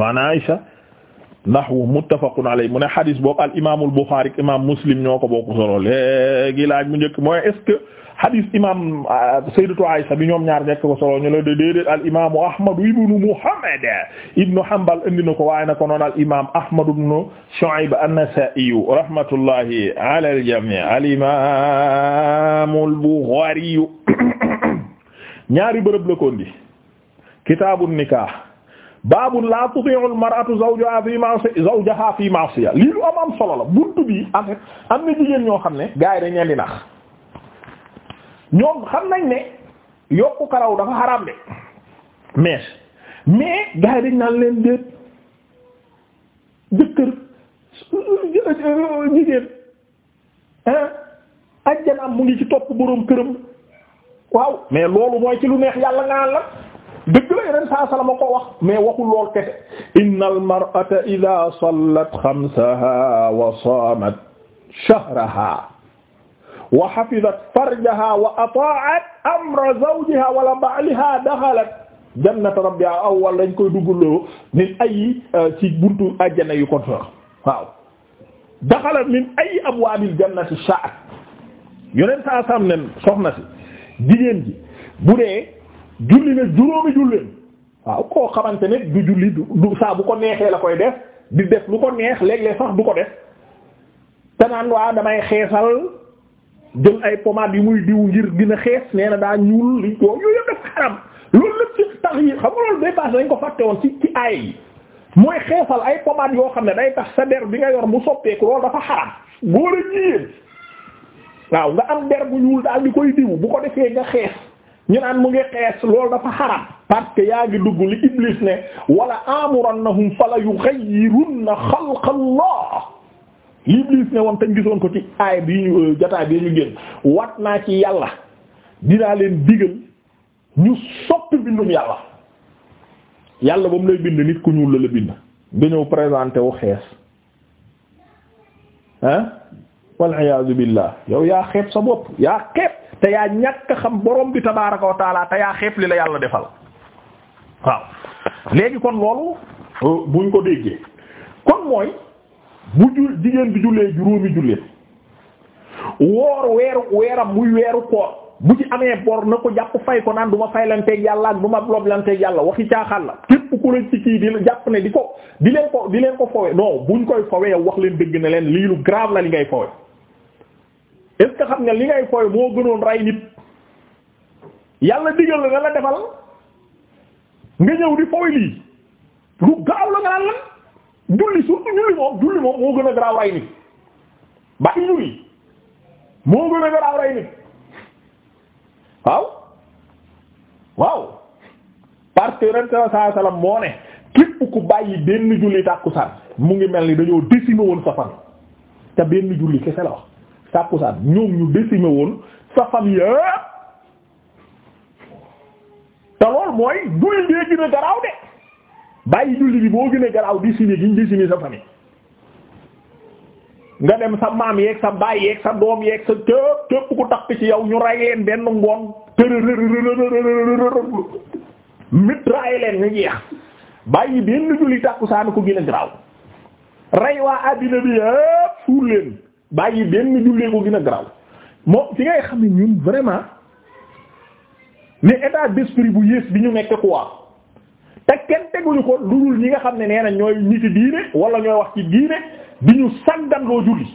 waan Aisha nahwu muttafaqun alayhi mu ne hadis boobu al imaamul Buxaari Muslim ñoo ko bokk solo léegi laaj mu njëkk mooy est-ce que ah, bi ñoom ñaar nekk ko solo ñu la déedéet al imaamu Ahmad ibnu Muhammad ibnu Hanbal indi na ko waaye na ko noon al imaam Ahmad ibnu Shu'ayb an-Nasaa'i rahmatullahi ala al jamii al imaamul Buxaari ñaari bërëb la ko indi kitaabun nikaah baabu laa tuti'u al-mar'atu zawjaha fi ma'siya zawjaha fi ma'siya lii lu am am solo la buntu bi en am na jigéen ñoo xam ne gars yi dañ leen di nax ñoom xam nañ ne yokku karaw dafa xaraam de mais mais gars dañ naan leen déet jëkkër jigéen ajjanaam mu ngi ci topp boroom këram waaw mais loolu mooy ci lu neex yàlla nga la dëgg la yeneen saa salama ko wax mais waxul lool kese inna almar'ata ida sallat xamsaha wa saamat shahraha wa xafidat farjaha wa ata'at amra zawjiha wala ba'liha daxalat jannata rabbiha aw wala dañ koy dugguloo min ay euh, ci buntu àjjana yu ko sax waaw daxalat min ay abwaabil jannati sha'at yeneen saa sam nen soxna si jigéen ji bu dee julli ne juróomi julleen waaw koo xamante ne du julli du saa bu ko neexee la koy def di def lu ko neex léeg-léeg sax du ko def te naan waa damay xeesal jël ay pomade yi muy diw ngir dina xees nee na daa ñuul li yow yooyu def lépp ci dañ ko fàtte woon ci ci aay yi mooy ay pomade yoo xam ne day tax sa der bi nga yor mu soppeeku loolu dafa xaram góor a jigéen waaw nga am der bu ñuul daal di koy diw bu ko defee nga xees ñu naan mu ngi xees loolu dafa xaram parce que yaa ngi dugg li Iblis ne wala amurannahum fala yughayyirunna xalqallah li Iblis ne woon tañ gisoon ko ci aay bi ñu euh, jotaay bi ñu génn wat naa ci yàlla dinaa leen digal ñu soppi bindum yàlla yàlla ba mu lay bind nit ku ñuul la la bind nga ñëw présenté wu xees ah wal iyaazu billah yow yaa xeeb sa bopp yaa xeeb te yaa ñàkk xam boroom bi tabaaraka wa taala te yaa xeeb li la yàlla defal waaw léegi kon loolu euh, buñ ko déggee kon mooy bu ju jigéen bi jullee juróomi jullee woor weeru weeram muy weeru koor bu ci amee bor na ko jàpp fay ko naan du ma faylanteeg yàlla ak du ma loblanteeg yàlla waxi caaxaan la képp ku leen ci kii di jàpp ne di ko di leen ko di leen ko fowe non buñ koy fowe yow wax leen dëgg ne leen lii lu grave la li ngay fowe est xam nga li ngay fooy moo gënoon rey nit yàlla digal la nga la defal nga ñëw di fooy lii lu gaaw la nga naan lan julli surtout julli moom julli moom moo gën a garaaw rey nit bàyyi julli moo gën a garaaw rey nit waaw waaw parce que ren saa moo ne képp ku bàyyi benn julli tàkkusaan mu ngi mel ni dañoo décimé woon sa fan te benn julli kese la wax. tàkkusaan ñoom ñu décimé woon sa famille yëpp te loolu mooy julli bee gën a garaaw de bàyyi julli bi boo gën a garaaw décimé di ñu décimé sa famille nga dem sa maam yeeg sa baay sa doom yeeg sa képp képp ku takk ci yow ñu rey leen benn ngoon mitrailler leen ñu jeex bàyyi benn julli tàkkusaan ko gën a garaaw rey waa àddina bi yëpp suul leen bàyyi benn jullee ko gën a garaaw moom fi ngay xam ne ñun vraiment ne état d'esprit bu yées bi ñu nekk quoi te kenn teguñu ko lu dul ñi nga xam ne nee na ñooy ñi ci diine wala ñooy wax ci diine bi ñu sàndan loo julli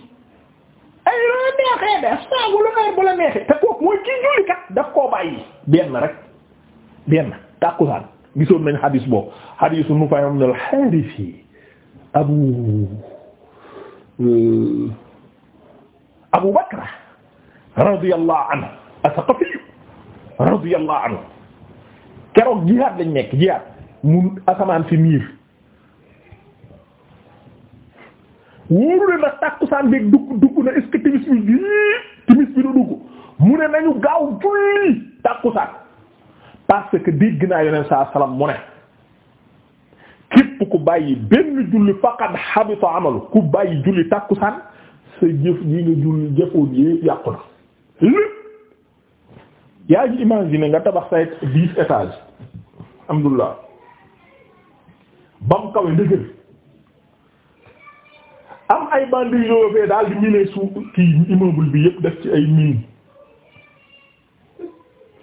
ay loo neexee de saabu lu neex bu la neexee te kooku mooy kii julli kat daf koo bàyyi benn rek benn tàkkusaan gisoon nañ xadiis boobu xadiisu nu fay am na al-Haarisi abu euh, Abu Bakr radiyallahu anhu as-Saqafi anhu keroog jihaad lañ nekk jihaad mun asamaan fi miir wóoru le nag tàkkusaan beeg dugg dugg na est timis bi na dugg mu ne nañu gaaw julli tàkkusaan parce dégg naa yoneen salaam mu ne képp ku bàyyi benn julli faqad habita amalu ku bàyyi julli tàkkusaan sa jëf yi nga jul jëfoon yépp yàqu na lépp yaa ngi imaginer nga tabax say dix étages alhamdulilah bam kawe ndëgër am ay bandi yoo daal di miné suuf kii immeuble bi yépp def ci ay mine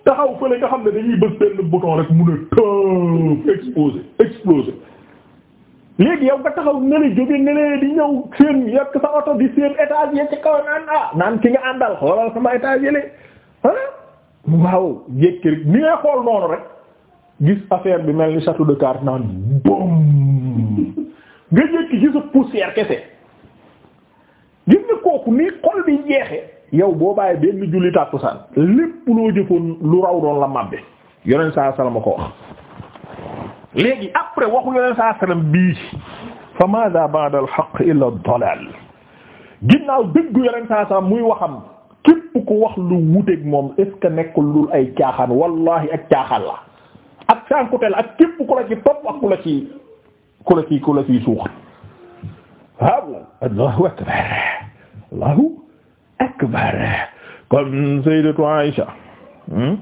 taxaw fële nga xam ne dañuy bës benn bouton rek mun a tëb explosé explosé léegi yow nga taxaw ne la jóge ne di ñëw seen yokk sa oto di seen étage ya ci kaw naan ah, naan ki nga àndal xoolal sama étage yële ah waaw jékki rek ni ngay xool noonu rek gis affaire bi mel ni château de cartes naan bom nga jékki gisu poussière kese gis nga kooku ni xol bi jeexe yow boo bàyyi benn julli tàkkusaan lépp loo jëfoon lu raw doon la màbbe yoneen saa salama ko wax léegi après waxul yoneen saa sallam bii fa maada ba'da al-haqq illa ad-dalal ginnaaw dëggu yoneen muy waxam képp ku wax lu wuteeg moom est ce que nekkul lul ay caaxaan wallahi ak caaxaan la ak sànkuteel ak képp ku la ci topp ak ku la ci ku la ci suux waaw allahu akbar allahu akbar kon sayyidatu Aisha hmm?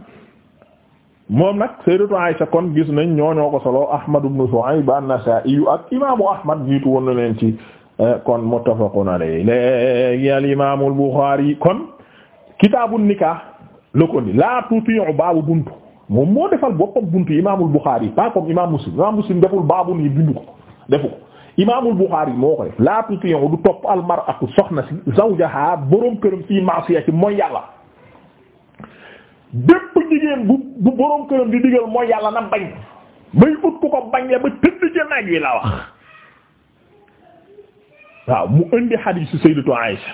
moom nag sayyidatu Aisha kon gis nañ ñooñoo ko solo Ahmad ibn Shu'ayb an-Nasa'i ak imaamu Ahmad jiitu woon na leen ci eh, kon muttafaqun alayhi léegi al imaamu al-Bukhari kon kitaabu nika la ko ni laa tuti'u baabu buntu moom moo defal boppam buntu imaamul Bukhari pas comme imam Muslim imam Muslim deful baabu ni bindu ko defu ko imaamul Bukhari moo ko def laa tuti'u du topp al mar'atu soxna si zawjaha borom këram fii ma'siyati mooy yàlla. bépp jigéen bu boroom këram di digal mooy yàlla na bañ bay ut ko bañ la ba tëdd ca naaj wi la wax waaw mu indi hadiisu sayyidatu Aisha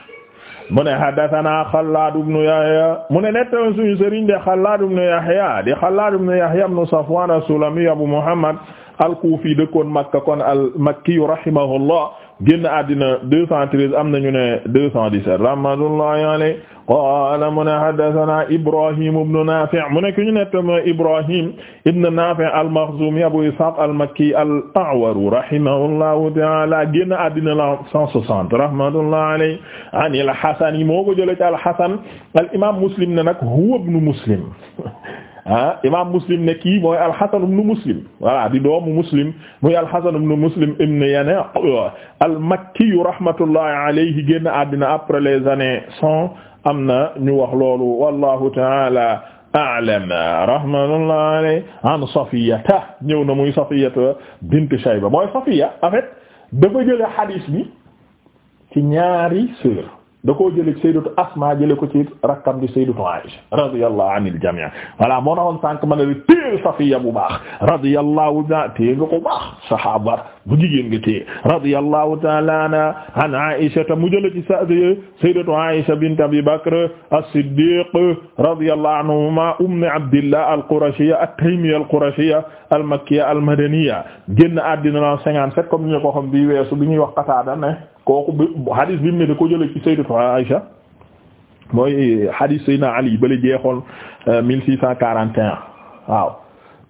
mu ne haddathana Xallaad ibn Yahya mu ne nettali suñu sëriñ de Xallaad ibn Yahya di Xallaad ibn Yahya ibn Safwaan as Abu Muhammad al-Kufi dëkkoon Makka kon al-Makki rahimahullah génn àddina 213 am nañu ne 217 rahmatullahi alayhi qaala mu ne haddasanaa Ibrahim ibn Naafi' mu ne ku ñu nettali mooy Ibrahim ibn Naafi' al-Makhzumi Abu Ishaaq al-Makki al-A'war rahimahullahu ta'aala génn àddina la 160 rahmatullahi alayhi an al-Hasan moo ko jëlee ci al-Hasan al-imaam Muslim ne nag huwa ibn Muslim ah imaam Muslim ne kii mooy al-Hasan ibn Muslim voilà di doomu Muslim muy al-Hasan ibn Muslim ibn Yanaa al-Makki rahmatullahi alayhi génn àddina après les années 100 am na ñu wax loolu wallahu taala a'lam rahmatullahi alayhi an safiyata ñëw na muy safiyata bint shayba mooy safiya en fait dafa jële hadith bi ci ñaari sœur da koo jëlee ci sayyidatu Asma jëlee ko ci rakkam di sayyidatu Aisha radiyallahu anil jami' voilà moo nawoon sànq ma ne la téel Safiya bu baax radiyallahu ta'ala téye nga ko baax sahaaba bu jigéen nga téye radiyallahu ta'ala anha an Aisha ta mu jëlee ci sa sayyidatu Aisha bint Abi Bakr as-Siddiq radiyallahu anhuma umm Abdillah al-Qurashiyya at-Taymiyya al-Qurashiyya al-Makkiyya al-Madaniyya génn àddina la 57 comme ni ko xam bi weesu bi ñuy wax Qatada kooku bi hadis bi mu ne da ko jëlee ci sayyidatu Aisha mooy hadis Seydina Ali bale jeexoon euh, mille six cent quarante et un waaw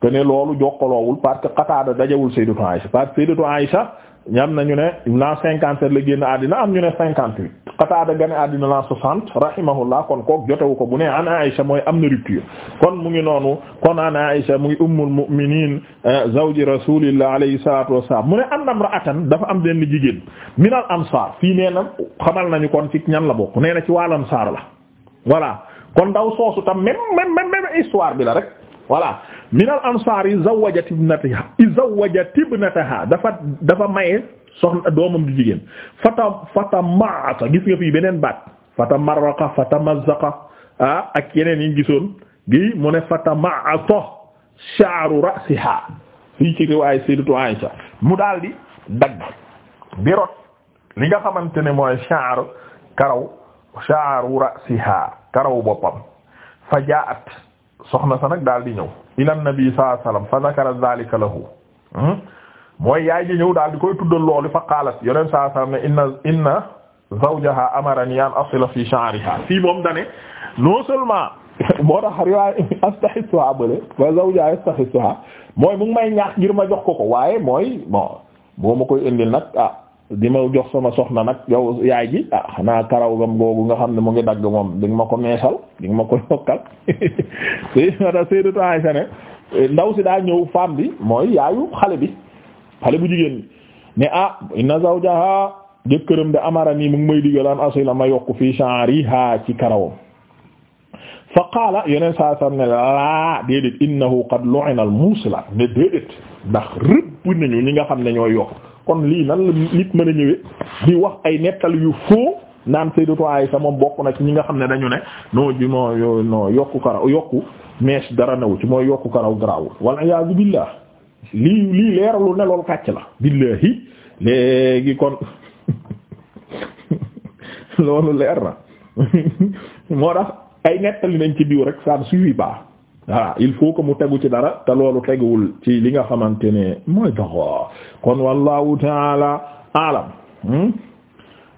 te ne loolu jokkaloowul parce que Qataada dajewul sayyidatu Aisha parce que sayyidatu Aisha ñam nañu ne l'an cinquante la génn àddina am ñu ne cinquante huit Qataada gane àddina l'an soixante rahimahullah kon kook jotewu ko bu nee an Aïsha mooy am na rupture kon mu ngi noonu kon an Aïsha muy ummul mu'minin eh, zawji rasulillah alayhi salatu wassalam mu ne anna imra'atan dafa am benn jigéen minal ansar fii nee na xamal nañu kon ci ñan la bokk nee na ci wàllu ansar la voilà kon ndaw soosu tam même même histoire bi la rek voilà min al ansaar yi zawwajat ibnataha zawwajat dafa dafa maye soxna doomam di jigéen fata fata maata gis nga fii beneen baat fata marraqa fata mazzaqa ak yeneen yi gisoon gi mu ne fata maata sha'ru ra'siha fii ci riwaaya sayyidatu Aisha mu daal di dagg bi rot li nga xamante ne mooy sha'r karaw sha'ru ra'siha karaw boppam fa soxna sa nag daal di ñëw ila nabi sallallahu alayhi wasallam fa zakara zalika hmm? mooy yaay di ñëw daal di koy tuddal loolu fa qaalat yoneen sallallahu alayhi wasallam inna inna zawjaha amarani an asila fi sha'riha fii moom dane non seulement moo tax riwaay astaxisuha bële wa zawjaha astaxisuha mooy mu may ñaax ngir ma jox ko ko waaye mooy bon boo ma koy indil nag ah di ma jox sama soxna nag yow yaay ji ah xanaa karaw gam googu nga xam ne mu ngi dagg moom di nga ma ko meesal di nga ma ko yokkal ndaw si daa ñëw femme bi mooy yaayu xale bi xale bu jigéen ne ah inna zawjaha jëkkëram de amara nii mu ngi may digal an asila ma yokk fii sha'riha ci karawam fa qaala yeneen saa sam ne laa déedéet innahu qad lu'ina al-musila ne déedéet ndax rëbb nañu ñi nga xam ne ñooy yokk kon lii nan la nit mën a ñëwee di wax ay nettal yu foo naan Sayyidatu Aisha sama mbokk na ci ñi nga xam ne dañu ne non ji moo non karaw yokku mees dara newu ci mooy yokk karaw garawul walla iyaazu billah lii lii leeralu ne loolu kàcc la billahi léegi kon loolu leer na moo tax ay nettali nañ ci diw rek ça ne suffit pas voilà il faut que mu tegu ci dara te loolu teguwul ci li nga xamante ne mooy taxaw kon wallahu taala alam hmm?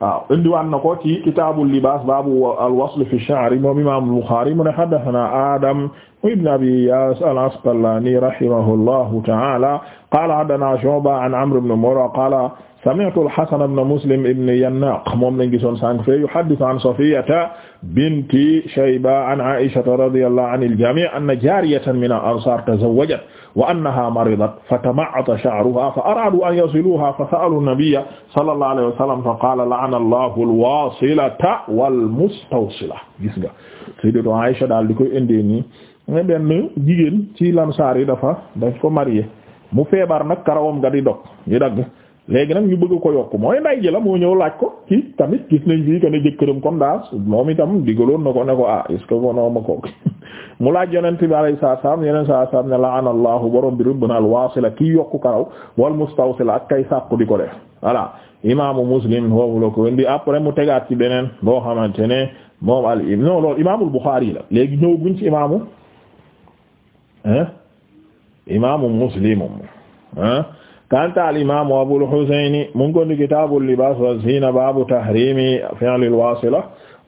waaw indiwaan na ko ci kitaabul libaas baabu alwasl fi sha'ri moom imaam al-Buxaari mu ne haddasanaa Adam ibn Abi Iyaas al-Asqalaani rahimahullahu taala qaala haddasanaa Shu'ba an Amr ibn Murra qaala sami'tu al-Hasan ibn Muslim ibn Yannaq moom lañ gisoon sànq fee yuhaddithu an Safiyyata binti Shayba an Aïshata radiyallahu anil jami' anna jariyatan min al-ansar tazawwajat wa annaha maridat fatama'ata sha'ruha fa aradu an yasiluha fa sa'alu an-nabiyya sallallahu alayhi wa sallam fa qala la'ana Allahu al-wasilata wal-mustawsila gis nga sayyidatu Aïsha daal di koy indee nii ne benn jigéen ci Ansaar yi dafa dañ ko marié mu feebar nag karawam nga di dog di dagg léegi nag ñu bëgg ko yokk mooy nday ji la moo ñëw laaj ko kii tamit gis nañ fii que ne jëkkëram kon daal moom itam loon na ko ne ko ah est ce que ko mu laaj yonent bi alayhi salaatu salaam yeneen salaatu salaam ne la Allahu borom bi rëbb na al-waasila kii yokku karaw wal mustawsila ak kay sàkku di ko def voilà imaamu Muslim foofu la ko indi après mu tegaat ci beneen boo xamante ne moom al im non loolu imaamul Buxaari la léegi ñëw buñ ci imaamu ah imaamu Muslim ah. kanta al imam Abul Husayn mu ngi ko ndi libaas wa ziina baabu tahrimi fi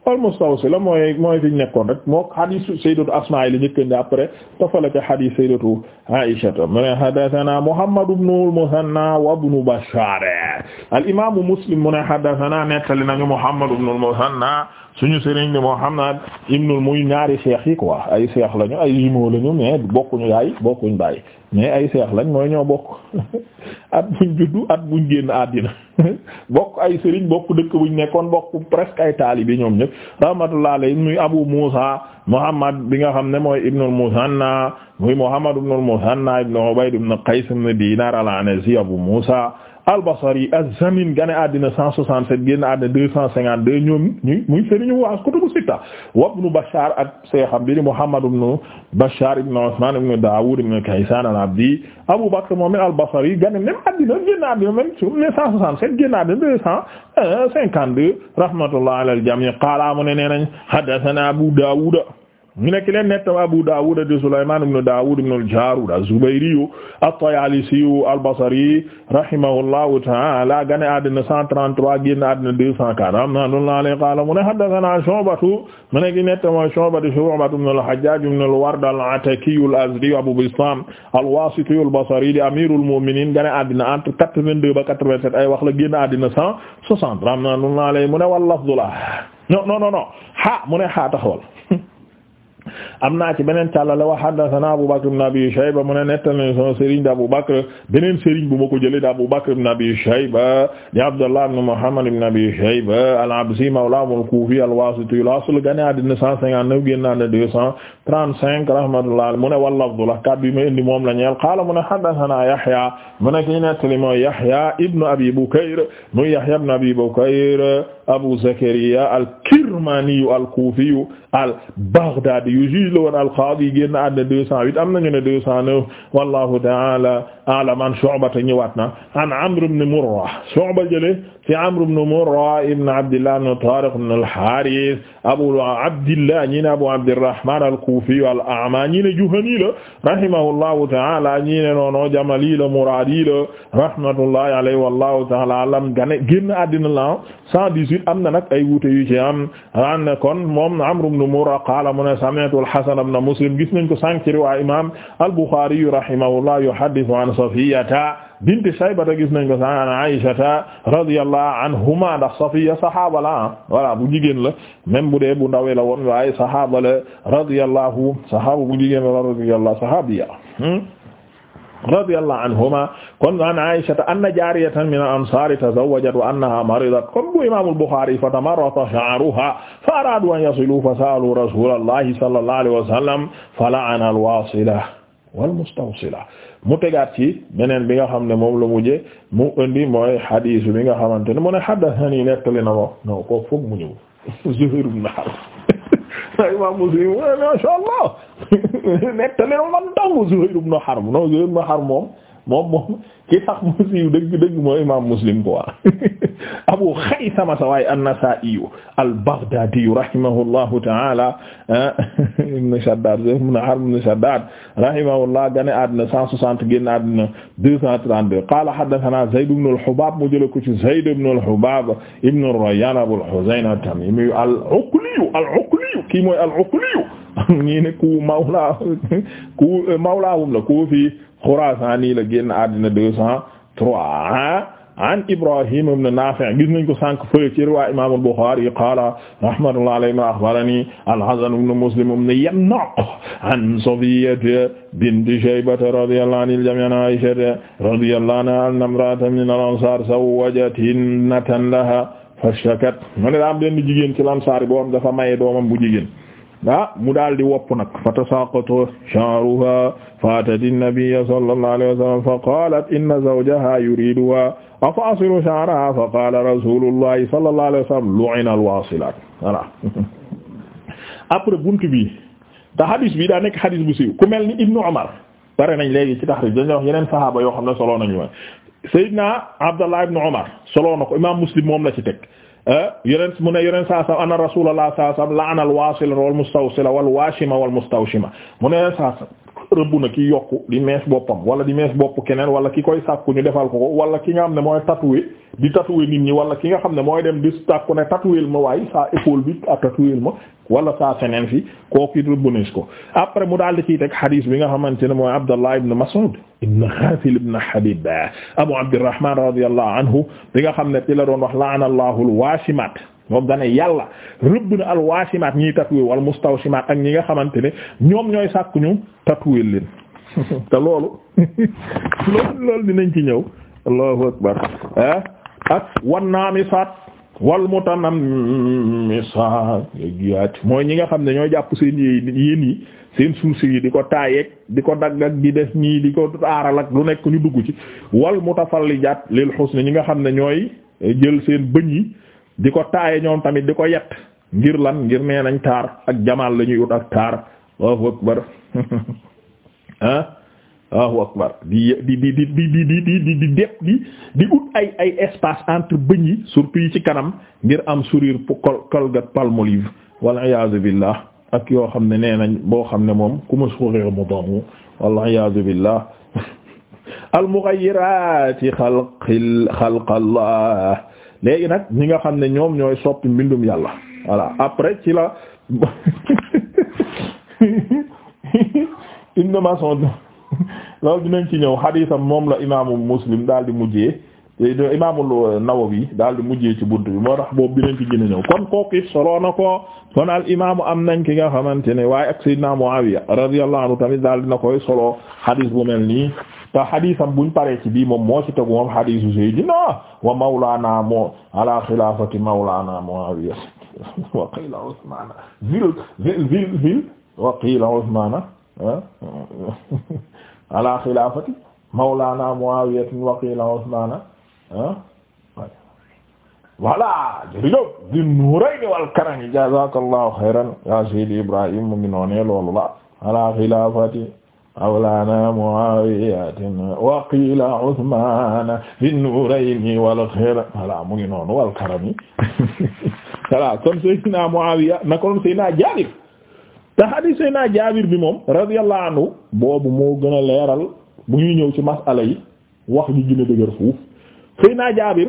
ñu nekkoon rek moo hadiisu sayyidatu Asmaa yi la njëkkandi après tofala ca hadiis sayyidatu Aisha mu ne haddasanaa Muhammad ibnul Musanna wa ibnu Bashaar al Muslim mu ne haddasanaa nettali nañu Muhammad ibnul Musanna suñu sëriñ bi Muhammad ibnul muy ñaari seex yi quoi ay seex lañu ay jumeaux lañu mais bokkuñu yaay mais ay seex lañ mooy ñoo bokk at buñ juddu at buñ génn àddina bokk ay sëriñ bokk dëkk buñ nekkoon bokk presque ay taalibe ñoom ñëpp rahmatullah alayhi muy Abu Musa Muhammad bi nga xam ne mooy ibnul Musanna muy Muhammad ibnul Musanna ibn Ubayd ibn Qays ibn Dinar al si Abu Musa al-Basri az-Zamin gane àddina 167 génn àddina 252 ñoom ñu muy sëriñu waa kutubu sitta wa Ibn Bashar ak seexam bi Muhammad ibn Bashar ibn Usman ibn Dawud ibn Kaysan al-Abdi Abu Bakr moom al-Basri gane même àddina génn àddina même su ne 167 génn àddina 252 rahmatullah ala al-jami' qaala mu ne nee Abu Dawud ñu nekk leen nettam Abu Dawud de Sulayman ibn Dawud ibn al-Jarud az-Zubayri at-Tayalisi al-Basri rahimahullahu ta'ala gane àddina 133 génn àddina 240 am na loolu laa lay qaala mu ne haddathana Shu'batu mu ne ki nettam Shu'batu Shu'batu ibn al-Hajjaj ibn al-Ward al-Ataki al-Azdi Abu Bistam al-Wasiti al-Basri di amirul mu'minin gane àddina entre 82 ba 87 ay wax la génn àddina 160 am na loolu laa lay mu ne wal lafdu la non non non ha mu ne ha taxawal am naa ci beneen càllale wa haddathana Abu Bakr ibn Abi Shayba mu ne nettal nañu sama sëriñ da Abu Bakr beneen sëriñ bu ma ko jëlee da Abu Bakr ibn Abi Shayba di Abdullah ibn Muhammad ibn Abi Shayba al-Absi mawlahum al-Kufi al-Wasiti al-asl gane àddina 159 génn na 235 rahmatullah mu ne wallafdu la kàddu yi ma indi moom la ñeel qaala mu ne haddathana Yahya mu ne ki nettali mooy Yahya ibn Abi Bukayr muy Yahya ibn Abi Bukayr Abu Zakariya al-Kirmaniyu al-Kufiyu al-Baghdadiyu juge la woon al-qaadi génn àddina 208 am nañu ne 209 wallahu ta'ala a'lam an Shu'ba ñëwaat na an Amr ibn Murra Shu'ba jële ci Amr ibn Murra ibn Abdillah ibn Tariq ibn al-Harith Abu Abdillah ñi ne Abu Abdirrahman al-Kufiyu al-A'ma ñi ne Juhani la rahimahullahu ta'ala ñi ne noono Jamali la Muradi la rahmatullahi alayhi wallahu ta'ala a'lam génn àddina la 118 nit am na nag ay wuute yu ci am an kon moom Amr ibn Murra qaala mu ne sami'tu al-Hasan ibn Muslim gis nañ ko sànq ci riwaaya imaam al-Bukhari rahimahullah yuhaddithu an Safiyyata bint Shaybata gis nañ ko sànq an Aysata radiyallahu anhuma ndax Safiyya saxaaba la voilà bu jigen la même bu dee bu ndawee la woon waaye saxaaba la radiyallahu saxaaba bu jigéen la radiyallahu saxaabiya radiyallahu anhuma kon an aishata anna jariyatan min al-ansari tazawwajat wa annaha maridat kon bu imam al-Bukhari fa tamarrata sha'ruha fa aradu an yasilu fa sa'alu rasulallahi sallallahu alayhi wa sallam fa la'ana al-wasila wal-mustawsila mu tegaat ci beneen bi nga xam ne moom la mujje mu indi mooy hadis bi nga xamante ne mu ne haddathani nettali na mo non ko foog mu ñëw Zuhayr ibn Harb imam Muslim ma sha Allah nettali man tax Zuhayr ibn Harb no Zuhayr ibn Harb moom moom moom ki tax mu siiw dëgg dëgg mooy imam muslim quoi abu xaysama sa waay an-nasaa'i al-baghdaadi rahimahullahu ta'ala eh, ibn shaddad ibn harb ibn shaddad rahimahullah gane àddina 160 génn àddina 232 qaala haddathana zayd ibn al-hubaab mu jël ko ci zayd ibn al-hubaab ibn ar-rayyaan abu al-husayn at-tamiimi al-uqli al-uqli kii mooy al-uqli ñi ne ku mawla ku mawlaahum la ku fi Xurasaani la génn àddina deux cent trois an Ibrahim ibn Nafi' gis nañ ko sànq fële ci riwaa Imaam al-Bukhari qaala rahmatullahi alayhi ma akhbarani al-Hasan ibn Muslim ibn Yanaq an Safiyyata bint Shaybata radiyallahu anil jamii' an Aisha radiyallahu anha anna imra'atan min al-ansar zawwajat ibnatan laha fashakat ma ne daa am benn jigéen ci Ansaar boo xam dafa maye doomam bu jigéen ah mu daal di wopp nag fatasaqatu sha'ruha faatati nabiyya sallallahu alayhi wa sallam fa qalat inna zawjaha yuriduha afa asilu sha'raha fa qala rasulullahi sallallahu alayhi wa sallam lu'ina al-wasilat voilà après buntu bi te hadis bi daa nekk hadis bu siiw ku mel ni Ibnu Umar bare nañ léegi ci taxrij dañuy wax yeneen sahaaba yoo xam ne soloo nañu ma Seydina Abdallah ibnu Umar soloo na ko imam Muslim moom la ci teg Eh? yeneen mu ne yeneen saa sam ana rasulullah saa sam la'ana al wasila wal mustawsila wal washima wal mustawshima mu ne yeneen saa sam rëbb na ki yokku di mees boppam wala di mees bopp keneen wala ki koy sàkku ñu defal ko ko wala ki nga xam ne mooy tatoué di tatoué nit ñi wala ki nga xam ne mooy dem di sàkku ne tatoué ma waaye saa épaule bi a ah tatoué ma wala saa feneen fi kooku it rëbb nañ ko après mu daal di ciy teg hadis bi nga xamante ne mooy Abdallah ibn Mas'ud ibn Ghafil ibn Habib Abu Abdirrahman radiyallahu anhu bi nga xam ne ci la doon wax la'ana Allahu al-washimat moom dane yàlla rëbb na alwaasimaat ñiy tatoué wal mustawsimaat ak ñi nga xamante ne ñoom ñooy sàkk ñu tatoué leen te loolu loolu loolu dinañ ci ñëw allahu akbar ah ak wan naami saat wal mutanammisaat mooy ñi nga xam ne ñooy jàpp seen yéen yi seen suuf yi di ko taayeeg di ko dagg ak di def ñii di ko aaral ak lu nekk ñu dugg ci wal leen lil husn ñi nga xam ne ñooy jël seen bëñ yi di ko taaye ñoom tamit di ko yett ngir lan ngir nee nañ taar ak jamaal lañuy ñuy ut ak taar Allahu akbar ah Allahu akbar di di di di di di di di di di di ut ay ay espace entre bëñ yi surtout yi ci kanam ngir am sourire col Colgate Palmolive wal iyaazu billah ak yoo xam ne nee nañ boo xam ne moom ku ma sourire mu doomu wal iyaazu billah al mughayyirat xalqi xalqallah léegi nag ñi nga xam ne ñoom ñooy soppi mbindum yàlla voilà après ci la innovation loolu dinañ ci ñëw xadiisam moom la imaamu muslim daal di mujjee imaamul Nawawi daal di mujjee ci bunt bi moo tax boobu dinañ ci gën a ñëw kon kooku it solo na ko kon al imaamu am nañ ki nga xamante ne waaye ak Seydina Muawiya radiyallahu anhu tamit daal dina koy solo xadis bu mel nii te xadisam buñ paree ci bii moom moo ci tegu moom xadisu Seydina wa mawlaana moo ala xilaafati mawlaana Muawiya wa qiila Usmaana vil vil wa qiila Usmaana ala xilaafati mawlaana Muawiya wa qiila Usmaana ah voilà jërëjëf di nuurayni wal karami jazakallahu xayran ya sayyidi Ibrahim mu ngi noonee loolu la ala xilaafati awlaana Muawiyatin wa qiila Usmaana di nuurayni wal xayr voilà mu ngi noonu wal karami kon Seydina na Jaabir te hadiis Seydina Jaabir bi moom radiyallahu anhu boobu moo gën a leeral bu ñuy ñëw ci masala yi wax ñu gën a dëgër fuuf Seydina Jaabir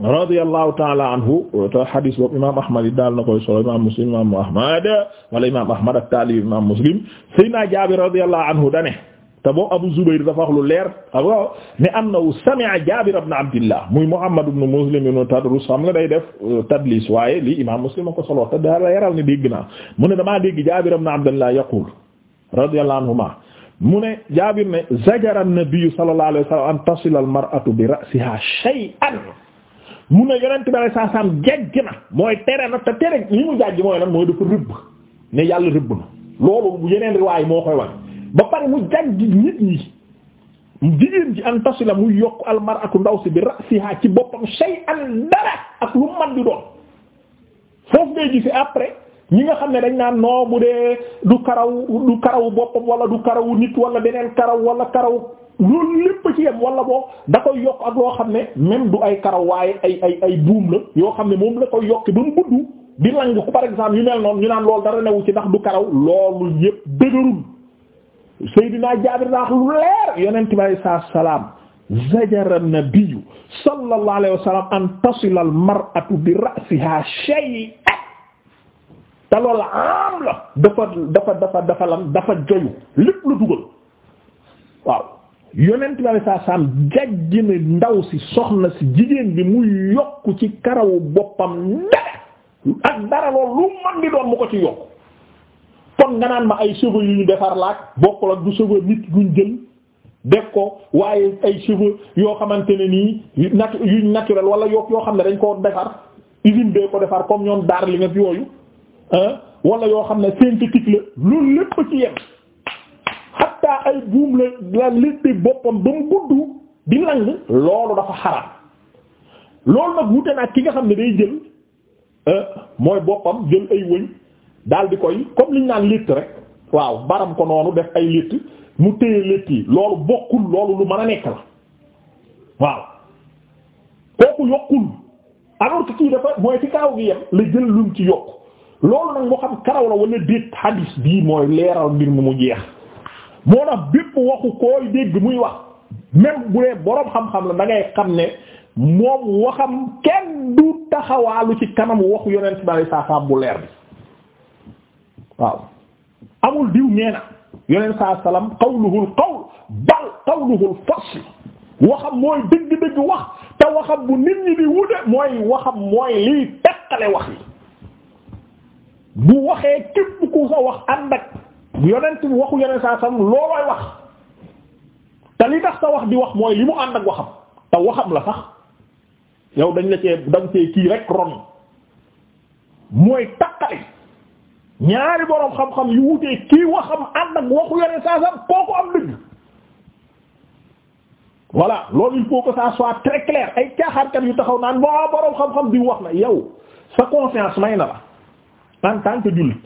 radiyallahu ta'ala anhu te hadis boobu imaam Ahmad yi daal na koy solo imaam Muslim imaam Ahmad wala imaam Ahmad ak taalib imaam Muslim Seydina Jaabir radiyallahu anhu dane te boobu Abu Zubayr dafa wax lu leer awo ne annahu sami'a Jaabir ibn Abdillah muy Muhammad ibn Muslim ibn Tadrus xam nga day def euh, tadlis waaye lii imaam Muslim a ko solo te daal la yaral ne dégg naa mu ne damaa dégg Jaabir ibn Abdillah yaqul radiyallahu anhuma mu ne jaabir ne zajara an-nabi sallallahu alayhi wa sallam an tasila al-mar'atu bi ra'siha shay'an mu ne yonent bi alayhi salaam jajj na mooy tere na te tere li mu jajj mooy lan mooy dafa rëbb ne yàlla rëbb na loolu yeneen riwaay moo koy wax ba pare mu jajj nit ñi jigéen ji an tasila mu yokk al-mar'atu ndaw si bi ra'siha ci boppam shay'an dara ak lu man di doon foofu ngay gis après ñi nga xam ne dañ naan noo bu dee du karaw du karawu boppam wala du karawu nit wala beneen karaw wala karaw loolu lépp ci yem wala boo da koy yokk ak loo xam ne même du ay karaw waaye ay ay ay buum la yoo xam ne moom la koy yokki ba mu gudd di lang par exemple yu mel noonu ñu naan loolu dara newu ci ndax du karaw loolu yépp dëgërul Seydina Jaabir daax lu leer yonent bi alei salaam zajara nabiyu sallallahu alayhi wa sallam an tasila al mar'atu bi ra'siha shay'an te loolu am la dafa dafa defar dafa lan dafa joyu lépp la dugal waaw yonent bi alei saa salam jàjj ne ndaw si soxna si jigéen bi mu yokk ci karawu boppam dara ak dara loolu lu man di doon mu ko ci yokk kon nga naan ma ay cheveux yu ñu defar laaj bokkul ak du cheveux nit guñ jël def ko waaye ay cheveux yoo xamante ne nii nat yuñ naturel wala yoo yoo xam ne dañ koo defar usine bee ko defar comme ñoom daar li nga yooyu walla yoo xam ne synthétique la loolu lépp ci yem xatta ay buum la la létteg boppam ba mu gudd di lang loolu dafa xaraam loolu nag wute nag ki nga xam ne day jël mooy boppam jël ay wëñ daal di koy comme liñ naan létt rek waaw baram ko noonu def ay létt mu téye létt yi loolu bokkul loolu lu mën a nekk la waaw kooku yokkul alors que kii dafa mooy ci kaaw gi yem la jël lum ci yokk loolu nag moo xam karaw la wala déet hadis bii mooy leeral mbir mi mu jeex moo tax bépp waxu kooy dégg muy wax même bu dee boroom xam-xam la dangay xam ne moom waxam kenn du taxawaalu ci kanamu waxu yonent bi bu leer bi waaw amul diw nee yonent saa salaam qawluhul qawl bal qawluhul fasl waxam mooy dëgg-dëgg wax te waxam bu nit ñi di wute mooy waxam mooy liy teqale wax yi. bu waxee képp ku sa wax ànd ak yonent waxu yonent saa sam loolooy wax te li tax sa wax di wax mooy li mu ànd ak waxam te waxam la sax yow dañ la cee dañ cee kii rek ron mooy takkali ñaari boroom xam-xam yu wutee kii waxam ànd ak waxu yonent saa sam kooku am dëgg voilà loolu il faut que ça soit très clair ay caaxaarkat yu taxaw naan bo boroom xam-xam di wax na yow sa conscience may na la en tant jullit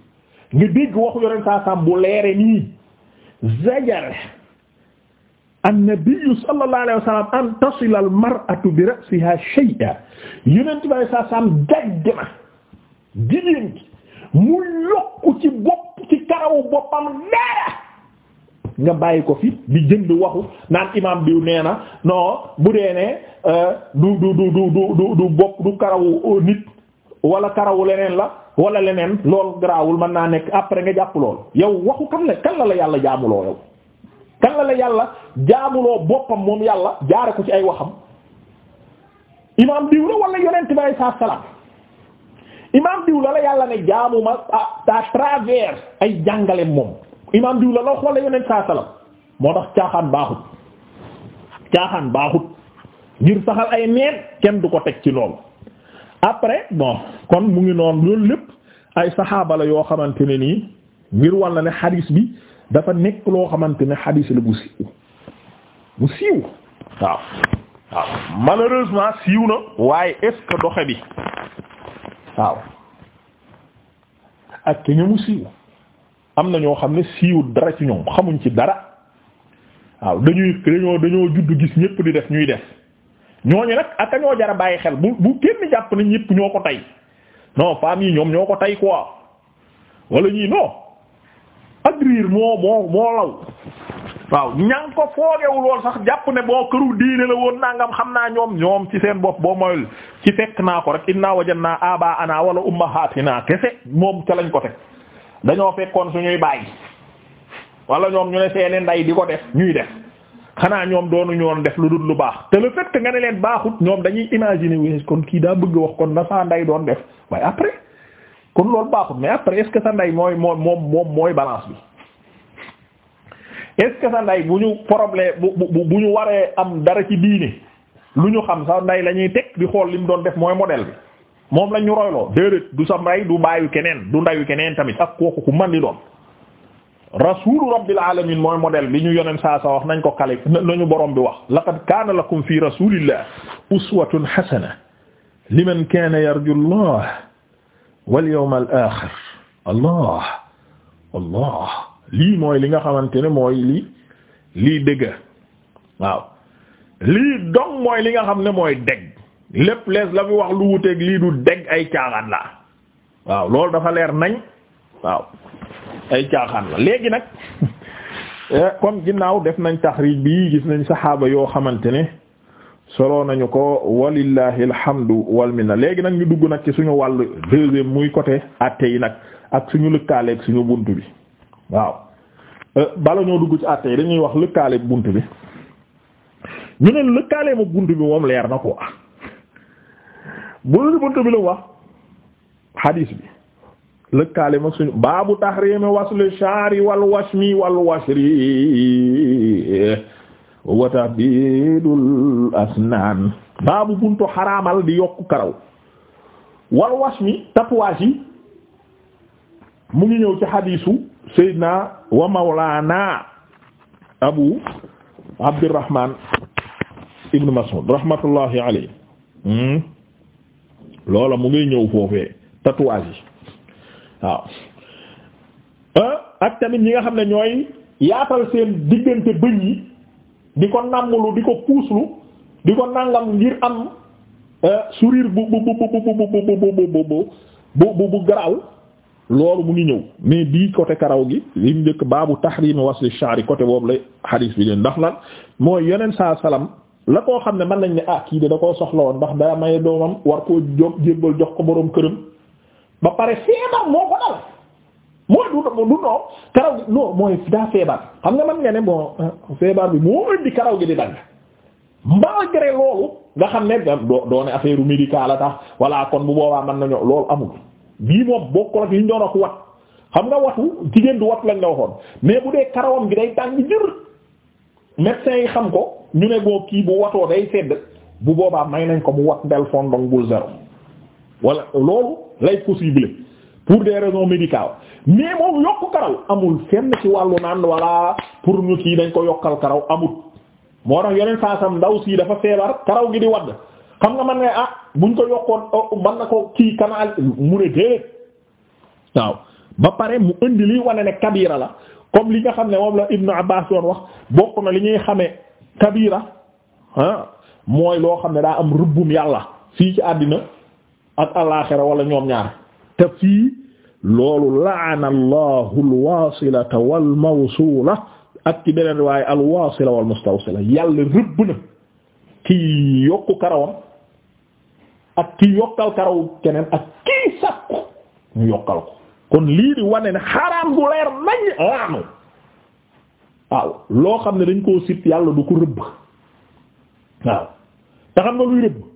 nga dégg waxu yoneen saa saam bu leere nii zajar annabiyu sallallahu alayhi wa sallam an tasila al mar'atu bi ra'siha shay'a yonent bi dagg na jigéen gi mu yokk ci bopp ci karawu boppam dara nga bàyyi ko fi di jënd waxu naan imam biw nee na bu dee ne euh, du du du du du du bopp du karawu nit wala karawu leneen la wala leneen loolu garaawul mën naa nekk après nga jàpp loolu yow waxu kam la kan la la yàlla jaamuloo yow kan la la yàlla jaamuloo boppam moom yàlla jaare ko ci ay waxam imaam diw la wala yonent bi ay saa salaam imaam diw la yàlla ne jaamu ma à ay jàngaleem moom imaam diw la la wax wala yonent saa salaam moo tax caaxaan baaxut caaxaan baaxut ngir saxal ay neen kenn du ko teg ci loolu après bon kon mu ngi noon loolu lépp ay saxaaba la yoo xamante ne nii ngir walla ne xadiis bi dafa nekk loo xamante ne xadiis la bu siiw bu siiw waaw waaw malheureusement siiw na waaye est doxe bi waaw ak ke ñamu siiw am na ñoo xam ne siiw dara ci ñoom xamuñ ci dara waaw dañuy dañoo dañoo judd gis ñépp di def ñuy def ñooñu nag ak ñoo jar bàyyi xel bu bu kenn jàpp na ñëpp ñoo ko tey non femmes yi ñoom ñoo ko tey quoi wala ñii non ak riir moo moo moo law waaw ña ko foogewul woon sax jàpp ne boo këru diine la woon nangam xam naa ñoom ñoom ci seen bopp boo moyul ci fekk naa ko rek inna wajanna aba ana wala ummahatina kese moom ca lañ ko teg dañoo fekkoon suñuy bàyyi wala ñoom ñu ne seeni nday di ko def ñuy def xanaa ñoom doonuñu woon def lu dul lu baax te le fait que nga ne leen baaxut ñoom dañuy imaginer wu kon kii daa bëgg wax kon na saa nday doon def waaye après kon loolu baaxut mais après est sa nday mooy moom moom mooy balance bi. bu ñu problème bu bu bu ñu waree am dara ci diine lu ñu xam sa nday la ñuy teg di xool li mu doon def mooy modèle bi moom lañ ñu royloo déedéet du sa nday du baayu keneen du ndayu keneen tamit ak kooku ku man di doon. rasulu rabbil alamin mooy modèle bi ñu yoneen saa sa wax nañ ko kale nañu borom bi wax laqad kaana lakum fi rasulillah uswatun hasana liman kaana yarju llah wal yawmal axir allah allah lii mooy li nga xamante ne mooy lii lii dëgg waaw lii dong mooy li nga xam ne mooy dëgg lépp lees la fi wax lu wuteeg lii du dëgg ay caaxaan la waaw loolu dafa leer nañ waaw ay caaxaan la léegi nag eh, kon ginnaaw def nañ taxriij bi gis nañ saxaaba yoo xamante ne solo nañu ko walillahi alhamdu wal minna léegi nag ñu dugg nag ci suñu wàll deuxième muy côté atte yi nag ak suñu lëkkaaleeg suñu bunt bi waaw eh, bala ñoo dugg ci atte yi dañuy wax lëkkaale bunt bi ñu ne lëkkaale ma bunt bi moom leer na ko bu bunt bi lu wax xadiis bi lëkkaale ma suñu baabu tahrimi waslu shaari wal washmi wal washri wa tabidul asnaan baabu buntu xaraamal di yokku karaw wal washmi tatouage mu ngi ñëw ci xadiisu Seydina wa Mawlaana Abu Abdurrahman ibn Mas'ud rahmatullahi alayhi hmm? loola mu ngi ñëw foofee tatouage waaw ak tamit ñi nga xam ne ñooy yaatal seen diggante bëñ yi di ko nàmmlu di ko puuslu di ko nàngam ngir am sourire bu bu bu bu bu bu bu bu bu garaaw loolu mu ngi ñëw mais bii côté karaw gi li mu njëkk baabu tahrim wasli sha'ri côté boobu la hadith bi leen ndax la mooy yeneen saa salaam la koo xam ne mën nañ ne ah kii de da koo soxla woon ndax daa may doomam war koo jóg jébbal jox ko boroom këram. ba pare feebar moo ko dal mooy du du noo karaw gi non mooy daa feebar xam nga man nga ne bon euh, feebar bi moo indi karaw gi di dagg malgré loolu nga xam ne doo doo ne affaire médicale la tax walla kon bu boobaa mën nañu lool amul bii moom bokkul ak li ñu doon wat xam nga watu jigéen du wat lañ la waxoon mais bu dee karawam gi day tàng jër médecin yi xam ko ñu ne boo kii bu watoo day sedd bu boobaa may nañ ko mu wat ndel fondong bul zéro wala loolu lay possible pour des raisons médicales mais moom yokk karaw amul fenn ci wàllu naan wala pour ñu kii dañ ko yokkal karaw amut moo tax yeneen faasam ndaw sii dafa feebar karaw gi di wadd xam nga man ne ah buñ ko yokkoon oh, man na ko kii kanaal mu ne déedéet waaw ba pare mu indi lii wane ne kabira la comme li nga xam ne moom la Ibnu Abbaas doon wax bokk na li ñuy xamee kabira ah mooy loo xam ne daa am rëbbum yàlla sii ci àddina ak alaaxira wala ñoom ñaar te fii loolu laana allahu alwasilata walmawsula ak ci beneen waaye alwasila walmustawsila yàlla rëbb na kii yokku karawam ak kii yokkal karaw keneen ak kii sakku ñu yokkal ko kon lii di wane ne xaraam gu leer nañ laanu waaw loo xam ne dañ koo sit yàlla du ko rëbb waaw te xam luy rëbb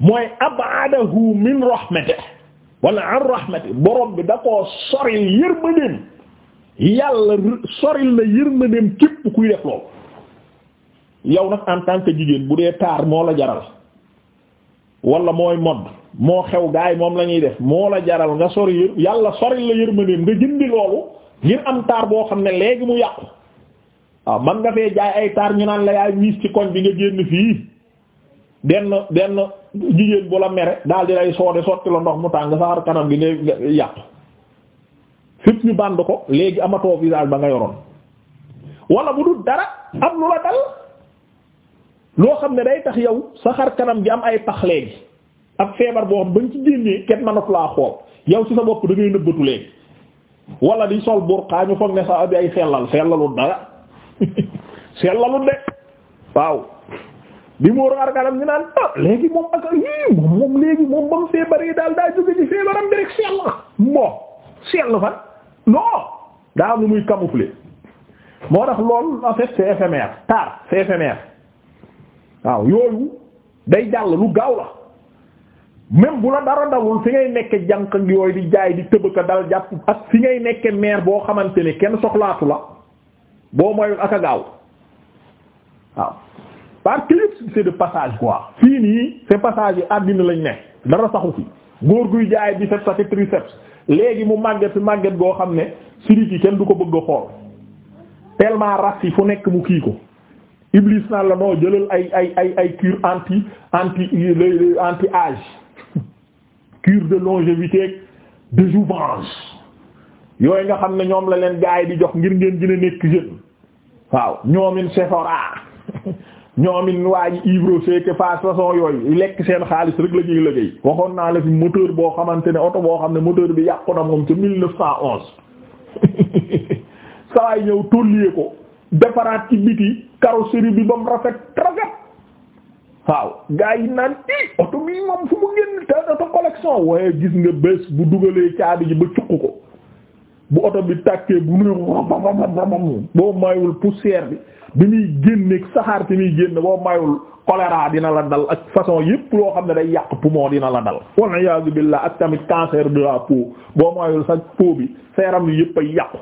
mooy abadahu min rahmati wala an rahmati borom bi da koo soril yërmandeem yàlla soril la yërmandeem képp kuy def loolu yow nag en tant que jigéen bu dee taar moo la jaral wala mooy modd moo xew gaay moom la ñuy def moo la jaral nga sori yër yàlla soril la yërmandeem nga jëndi loolu ngir am taar boo xam ne léegi mu yàqu waaw ah, man nga fee jaay ay taar ñu naan la yaay wiis ci koñ bi nga génn fii benn benn jigéen bu la mere daal di lay soode sotti la ndox mu tàng sa xar kanam gi nga yàqu fépp ñu bànd ko léegi amatoo visage ba nga yoroon wala bu dul dara am lu la dal loo xam ne day tax yow sa xar kanam gi am ay tax léegi ak feebar boo xam ba nga ci génnee kenn mënatu laa xool yow ci sa bopp da ngay nëbbatu léegi wala di sol burqa xaañu foog ne sa abi ay sellal sellalu dara sellalu de waaw bi mu war a ñu naan ah léegi moom ak yii moom moom léegi moom ba mu feebaree daal daa jóge ci feebaram bi rek sell moo sell fan non daa am lu muy camoufler moo tax loolu en fait c'est éphémère tard c'est éphémère waaw yooyu day jàll lu gaaw la même bu la dara dawul fi ngay nekke jànq yooyu di jaay di tëbëka dal jàpp ak fi ngay nekke maire boo xamante ne kenn soxlaatu la boo moyul ak a gaaw waaw parce que c'est de passage quoi fii nii c'est passage yi àddina lañ ne dara saxu fi góor guy jaay biceps ak triceps léegi mu màgget màgget goo xam ne siric yi kenn du ko bëgg a xool tellement ras yi fu nekk mu kii ko iblis naa la noo jëlal ay ay ay ay cure anti anti anti âge cure de longévité de jouvence yooyu nga xam ne ñoom la leen gaay di jox ngir ngeen gën a nekk jeune waaw ñoomin sephora ñoomin waaji ivre feke fas façon yooyu lekk seen xaalis rek la ñuy liggéey waxoon naa la fi moteur boo xamante ne oto boo xam ne moteur bi yàqu na moom ca mille neuf cent onze sawaay ñëw tollie ko defaraat ci biti carrosserie bi ba rafet rafet waaw gaa yi naan i oto mi moom fu mu génn te oto collection waaye gis nga bés bu dugalee caabi ji ba cuq ko bu oto bi tàkkee bu nu boobu mayul poussière bi bi muy génneeg saxaar si muy génn boo mayul choléra dina la dal ak façon yépp loo xam ne day yàq poumon dina la dal wal iyaazu billah ak tamit cancer de la boo mayul sa peau bi seeram yi yépp ay yàqu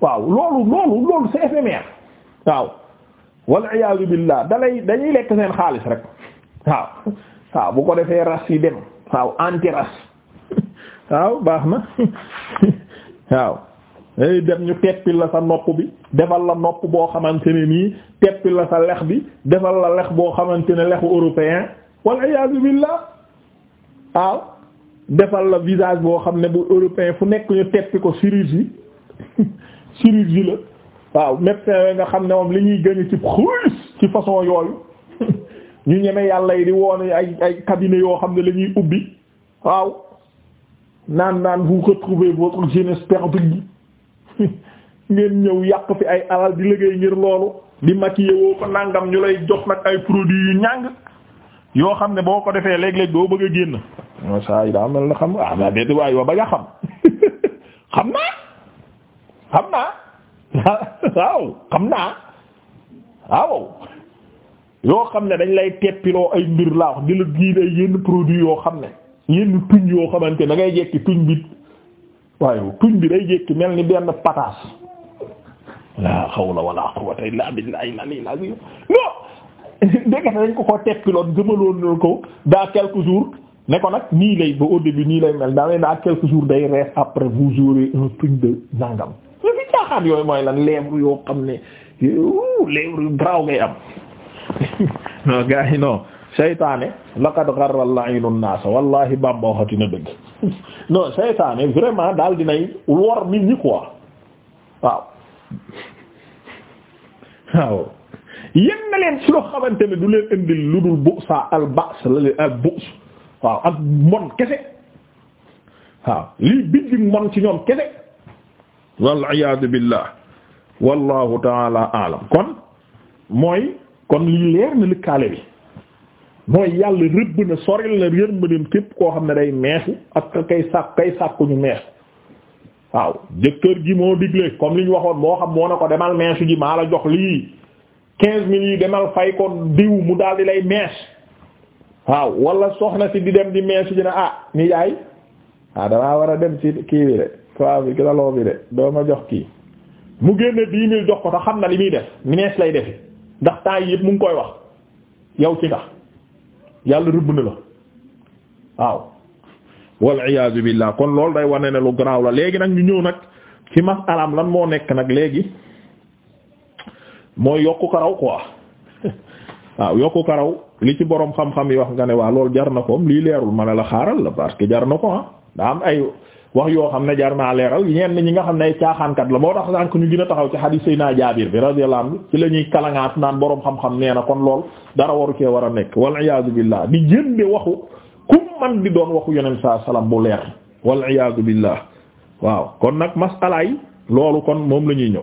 waaw loolu loolu loolu c'est éphémère waaw wal iyaazu billah dalay dañuy lekk seen xaalis rek waaw waaw bu ko defee race yi dem waaw anti waaw baax na waaw ay eh, dem ñu teppil la sa nopp bi defal la nopp boo xamante ne nii teppil la sa lex bi defal la lex boo xamante ne lexu européen walla iyaazu billah waaw defal la visage boo xam ne bu européen fu nekk ñu teppi ko chirurgie chirurgie la waaw médecin we nga xam ne moom li ñuy gën ci xuus ci façon yooyu ñu ñeme yàlla yi di woon ay ay cabinet yoo xam ne la ñuy ubbi waaw naan naan vous retrouvez votre jeunesse perdue ngeen ñëw yàq fi ay alal di liggéey ngir loolu di maquiller woo ko nangam ñu lay jox nag ay produit yu ñàng yoo xam ne boo ko defee léeg-léeg doo bëgg a génn ma saa yi daa mel na xam ah ma déet waaye yow ba nga xam xam naa xam naa waaw xam naa waaw yoo xam ne dañ lay teppiloo ay mbir laa wax di la gii ay yenn produits yoo xam ne yenn tuñ yoo xamante da ngay jekki tuñ bi waaye tuñ bi day jékki mel ni benn pataas la hawla wala quwwata illa billahi al-aliyyil azim non dégate dañ ko ko tekkiloon gëmaloon loon ko daa quelques jours ne ko nag nii lay ba au début nii lay mel daa daa quelques jours day rees après vous jouerez un tuñ de nangam lu fi yooyu mooy lan lèvres yoo xam ne lèvres yu graaw ngay am non gars yi non seytaane laqad gharra al-la'inu an-nas wallahi bamba waxatina dëgg non seytaane vraiment daal dinay wor nit ñi waaw waaw yéen na leen ci loo xamante ne du leen indil lu dul bu'sa al ba's al bu's waaw ak mon kese waaw lii bindi ci ñoom kese wal iyaadu billah wallahu taala alam kon mooy kon lii leer na lëkkaale bi mooy yàlla rëbb na soril na yërmandeem képp koo xam ne day meesu ak kay sàkk kay sàkku ñu mees waaw jëkkër gi moo digle comme li ñu waxoon moo xam moo na ko demal meesu ji maa la jox lii quinze mille yi demal fay ko diw mu daal di lay mees waaw wala soxna si di dem di meesu ji ne ah ni yaay ah damaa war a dem ci kii bi de toit bi gëlaloo bi de doo jox kii mu génne dix mille jox ko te xam na li muy def mees lay defi ndax temps yii yëpp mu ngi koy wax yow ci yàlla rëbb na la waaw wal iyaazu billaah kon loolu day wane na lu garaaw la léegi nag ñu ñëw nag fi ci masalaam lan moo nekk nag léegi mooy yokku karaw quoi waaw yokku karaw li ci boroom xam-xam yi wax nga ne waa loolu jar na ko lii leerul ma ne la xaaral la parce que jar na ko ah daa ay wax yoo xam ne jar naa leeral ñenn ñi nga xam ne ay caaxaankat la moo tax sànk ñu gën a taxaw ci hadith Seydina Jaabir bi radiyallahu anhu ci la ñuy kalangaat naan boroom xam-xam nee na kon lool dara waru cee war a nekk wal iyaazu billah di jënde waxu ku man di doon waxu yonent saa salaam bu leer wal iyaazu billah waaw kon nag masala yi loolu kon moom la ñëw